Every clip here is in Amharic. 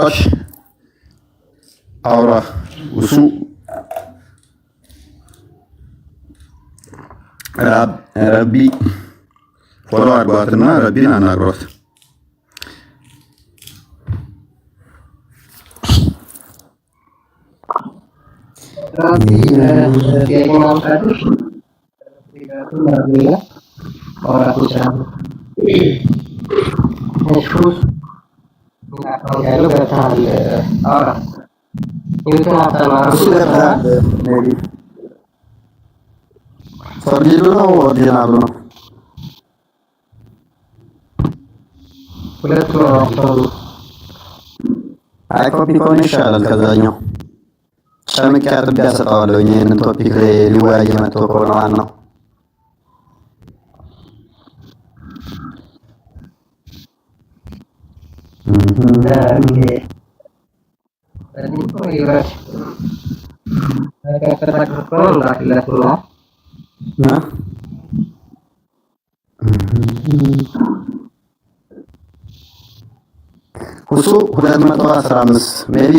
aç avra usul رب ربي ولو أربعتنا ربينا أنا أربعت Orang ያለው በረታ አለ። አውራ ይሁትን አጣና እሱ በረታ ነቢ ፈርዲሉ ነው ኦርዲናሉ ነው ሁለቱ ነው። አይ ኮፒ ከሆነ ይሻላል ከዛኛው ጨምቄ አጥቤ አሰጠዋለሁ። ይህንን ቶፒክ ሊወያይ መጥቶ ከሆነ ዋናው dari tadi pengiras agak terlalu nggak jelas ሁለት መቶ አስራ አምስት ሜቢ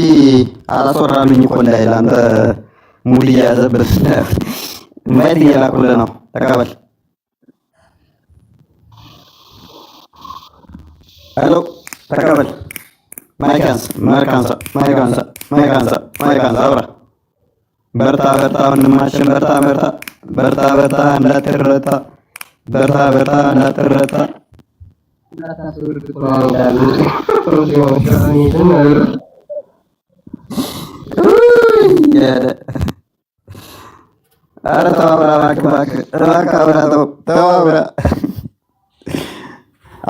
አላስወራሉኝ እኮ እንዳይል አንተ ሙድ እያያዘበት ማየት እየላኩልህ ነው። ተቀበል። ሄሎ ተቀበል። ማይካንሳ ማይካንሳ በርታ በርታ ወንድማችን በርታ በርታ በርታ በርታ እንዳትረታ በርታ በርታ እንዳትረታ ኧረ ተው አብራ እባክህ እባክህ እባክህ አብራ ተው ተው አብራ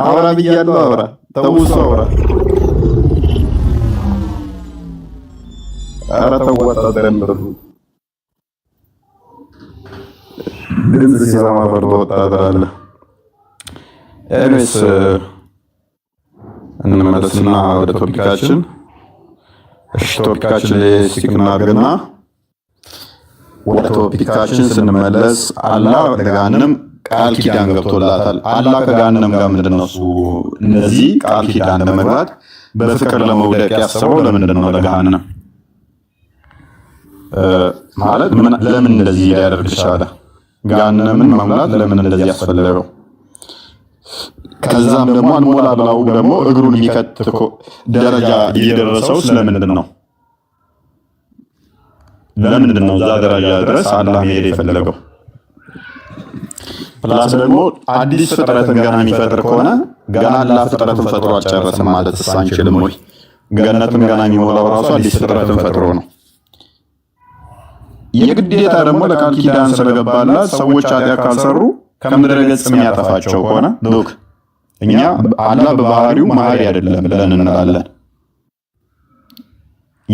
አውራ ብያለሁ። አውራ ተውሶ አውራ። ኧረ ተዋጣ ደምሩ ድምፅ ሲሰማ ፈርቶ ወጣት አለ። ኤኒዌይስ እንመለስና ወደ ቶፒካችን። እሺ ቶፒካችን ላይ ስቲክ ወደ ቶፒካችን ስንመለስ አላህ ለጋንም ቃል ኪዳን ገብቶላታል። አላ ከገሃነም ጋር ምንድን ነው እሱ እነዚህ ቃል ኪዳን ለመግባት በፍቅር ለመውደቅ ያሰበው ለምንድን ነው? ለገሃነም ማለት ለምን እንደዚህ ሊያደርግ ቻለ? ገሃነምን መሙላት ለምን እንደዚህ ያስፈለገው? ከዛም ደግሞ ብላው ደግሞ እግሩን የሚከት ደረጃ እየደረሰው ስለምንድን ነው? ለምንድን ነው እዛ ደረጃ ድረስ አላ መሄድ የፈለገው? ፕላስ ደግሞ አዲስ ፍጥረትን ገና የሚፈጥር ከሆነ ገና ላ ፍጥረትን ፈጥሮ አልጨረስም ማለት እስ አንችልም ወይ? ገነቱን ገና የሚሞላው ራሱ አዲስ ፍጥረትን ፈጥሮ ነው። የግዴታ ደግሞ ለቃል ኪዳን ስለገባላት ሰዎች ኃጢአት ካልሰሩ ከምድረ ገጽ የሚያጠፋቸው ከሆነ ዱክ እኛ አላህ በባህሪው መሀሪ አይደለም ብለን እንላለን።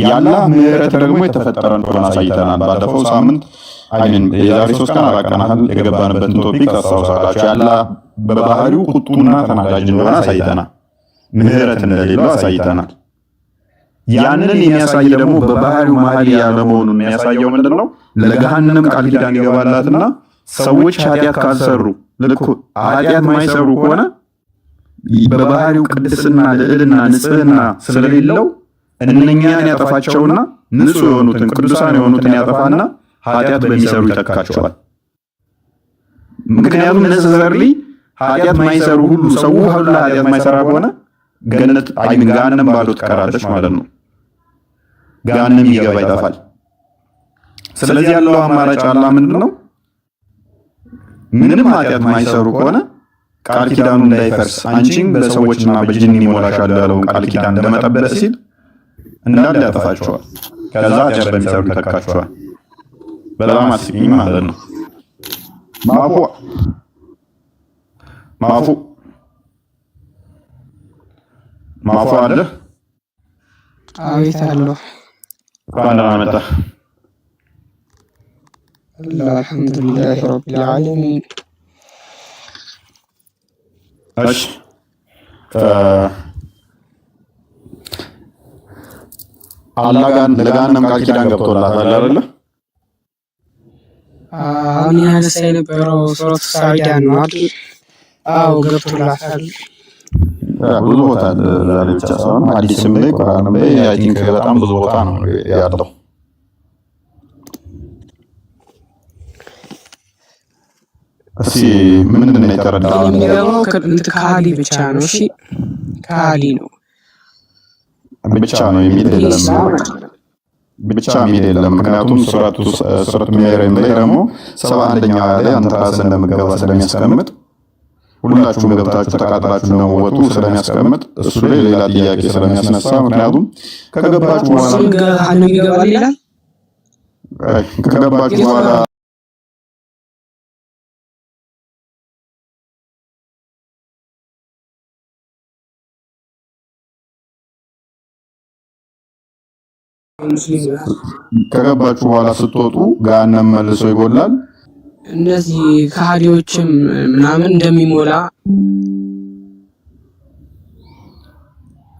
የአላህ ምህረት ደግሞ የተፈጠረ እንደሆነ አሳይተናል። ባለፈው ሳምንት የዛሬ ሶስት ቀን አራቀናል የገባንበትን ቶፒክ ታስታውሳላችሁ። የአላህ በባህሪው ቁጡና ተናዳጅ እንደሆነ አሳይተናል። ምሕረት እንደሌለው አሳይተናል። ያንን የሚያሳይ ደግሞ በባህሪው መሀል ያለ መሆኑን የሚያሳየው ምንድን ነው? ለገሃነም ቃል ኪዳን ይገባላትና ሰዎች ኃጢአት ካልሰሩ ልክ ኃጢአት ማይሰሩ ከሆነ በባህሪው ቅድስና፣ ልዕልና፣ ንጽህና ስለሌለው እነኛን ያጠፋቸውና ንጹሕ የሆኑትን ቅዱሳን የሆኑትን ያጠፋና ኃጢአት በሚሰሩ ይተካቸዋል። ምክንያቱም ነሰሰርሊ ኃጢአት ማይሰሩ ሁሉ ሰው ሁሉ ኃጢአት ማይሰራ ከሆነ ገነት አይምን ጋንም ባዶ ትቀራለች ማለት ነው። ጋንም ይገባ ይጠፋል። ስለዚህ ያለው አማራጭ አላ ምንድን ነው? ምንም ኃጢአት ማይሰሩ ከሆነ ቃል ኪዳኑ እንዳይፈርስ አንቺም በሰዎችና በጅን ይሞላሻል ያለውን ቃል ኪዳን ለመጠበቅ ሲል እንዳለ ያጠፋችኋል። ከዛ ጀር በሚሰሩ ይተካችኋል። በጣም አስቂኝ ማለት ነው። ማፉ ማፉ ማፉ አለ። አቤት አለሁ። እንኳን ደህና መጣህ። አልሐምዱሊላህ ረቢል ዓለሚን። እሺ ጋር ለገሃነም ቃል ኪዳን ገብቶላታል አይደለ? አሁን ያነሳ የነበረው ሱረቱ ሳዒዳ ነው አይደል? አዎ ገብቶላታል። ብዙ ቦታ ዛሬ ብቻ ሳይሆን አዲስም ላይ ቁርአንም ላይ አይ ቲንክ በጣም ብዙ ቦታ ነው ያለው። እስኪ ምንድን ነው የተረዳው? ከሃዲ ብቻ ነው። እሺ ከሃዲ ነው ብቻ ነው የሚል የለም ብቻ የሚል የለም። ምክንያቱም ሱረቱ ሚዕራጅ ላይ ደግሞ ሰባ አንደኛው አያ ላይ አንተ ራስህ እንደምገባ ስለሚያስቀምጥ ሁላችሁም ገብታችሁ ተቃጥላችሁ ወጡ ስለሚያስቀምጥ እሱ ላይ ሌላ ጥያቄ ስለሚያስነሳ ምክንያቱም ከገባችሁ በኋላ ከገባችሁ በኋላ ከገባችሁ በኋላ ስትወጡ ገሃነም መልሶ ይጎላል። እነዚህ ከሃዲዎችም ምናምን እንደሚሞላ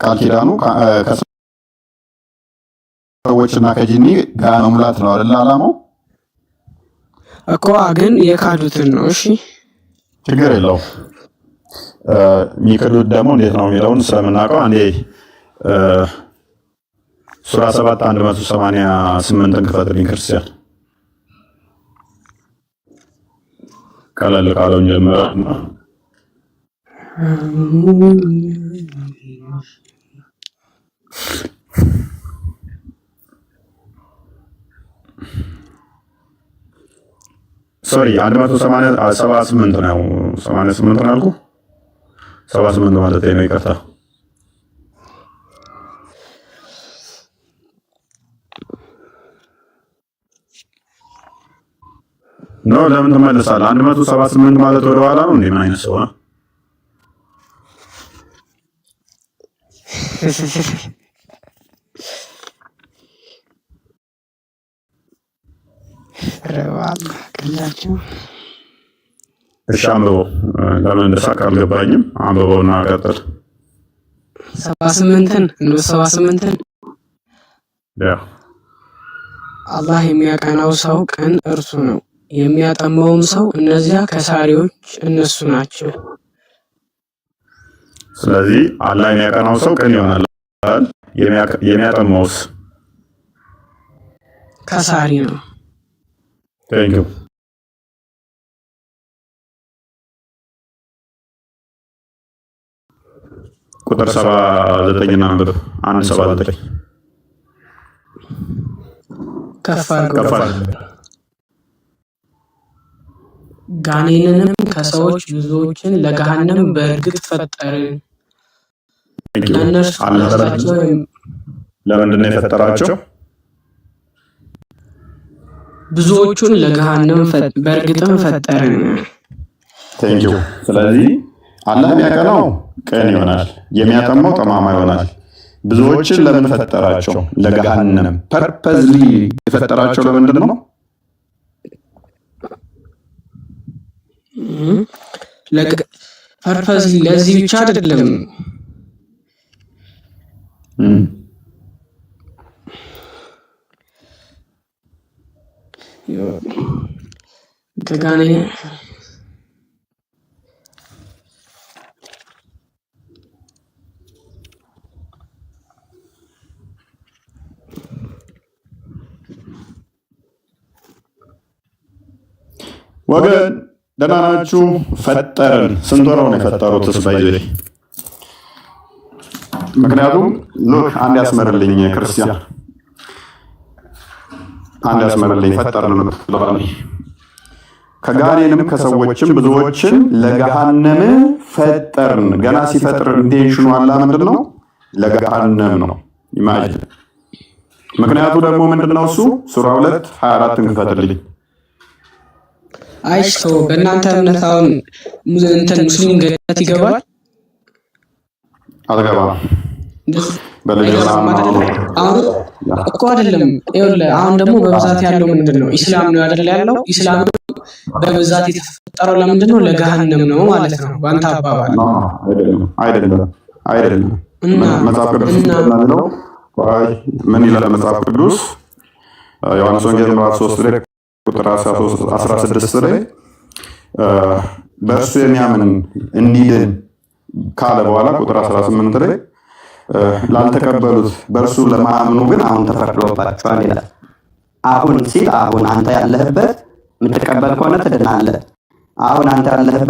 ቃል ኪዳኑ ከሰዎችና ከጂኒ ጋር መሙላት ነው አይደል? አላማው እኮ ግን የካዱትን ነው። እሺ ችግር የለው። የሚክዱት ደግሞ እንዴት ነው የሚለውን ስለምናውቀው አንዴ ሱራ 7 188ን ክፈትልኝ ክርስቲያን ቀለል ቃለውን ጀመረ። ሶሪ 188 ነው 78 ነው አልኩ 78 ማለት ነው። ይቅርታ ኖ ለምን ትመለሳለህ? አንድ መቶ ማለት ወደ ኋላ ነው እንዴ? ምን አይነት ሰው ነው? እሺ አንብበው። ለምን እንደሳቅ አልገባኝም። አንብበውና ቀጥል። ሰባ ስምንትን አላህ የሚያቀናው ሰው ቀን እርሱ ነው። የሚያጠመውም ሰው እነዚያ ከሳሪዎች እነሱ ናቸው። ስለዚህ አላህ የሚያቀናው ሰው ቅን ይሆናል። የሚያጠመውስ ከሳሪ ነው። ቴንኪው ቁጥር ሰባ ዘጠኝ አንብብ። አንድ ሰባ ዘጠኝ ከፋ ጋኔንንም ከሰዎች ብዙዎችን ለገሃነም በእርግጥ ፈጠርን። ለእነርሱ ለምንድን ነው የፈጠራቸው? ብዙዎቹን ለገሃነም በእርግጥም ፈጠርን። ቴንኪው። ስለዚህ አላህ የሚያቀናው ቅን ይሆናል፣ የሚያጠማው ጠማማ ይሆናል። ብዙዎችን ለምን ፈጠራቸው? ለገሃነም። ፐርፐዝሊ የፈጠራቸው ለምንድን ነው? ፐርፐዝ ለዚህ ብቻ አይደለም። ከጋኔ ወገን ደህና ናችሁ? ፈጠርን ስንት ወር ነው የፈጠሩት? ስባይ ምክንያቱም ሎክ አንድ ያስመርልኝ ክርስቲያን አንድ ያስመርልኝ ፈጠርን ከጋኔንም ከሰዎችም ብዙዎችን ለገሃነም ፈጠርን። ገና ሲፈጥር ኢንቴንሽኑ አላ ምንድን ነው? ለገሃነም ነው። ይማጅ ምክንያቱ ደግሞ ምንድን ነው? እሱ ሱራ ሁለት ሀያ አራትን ክፈትልኝ አይሽቶ በእናንተ እምነት አሁን እንትን ሙስሊም ገነት ይገባል? አልገባም። እኮ አይደለም። ይኸውልህ አሁን ደግሞ በብዛት ያለው ምንድን ነው? ኢስላም ነው አይደል ያለው? ኢስላም በብዛት የተፈጠረው ለምንድን ነው? ለገሃነም ነው ማለት ነው በአንተ አባባል። አይደለም፣ አይደለም። መጽሐፍ ቅዱስ ምን ይላል? መጽሐፍ ቅዱስ ዮሐንስ ወንጌል ምዕራፍ ሶስት ላይ ቁጥር 16 ላይ በእርሱ የሚያምን እንዲድን ካለ በኋላ ቁጥር 18 ላይ ላልተቀበሉት በእርሱ ለማያምኑ ግን አሁን ተፈርዶባቸዋል ይላል። አሁን ሲል አሁን አንተ ያለህበት የምትቀበል ከሆነ ትድናለህ። አሁን አንተ ያለህበት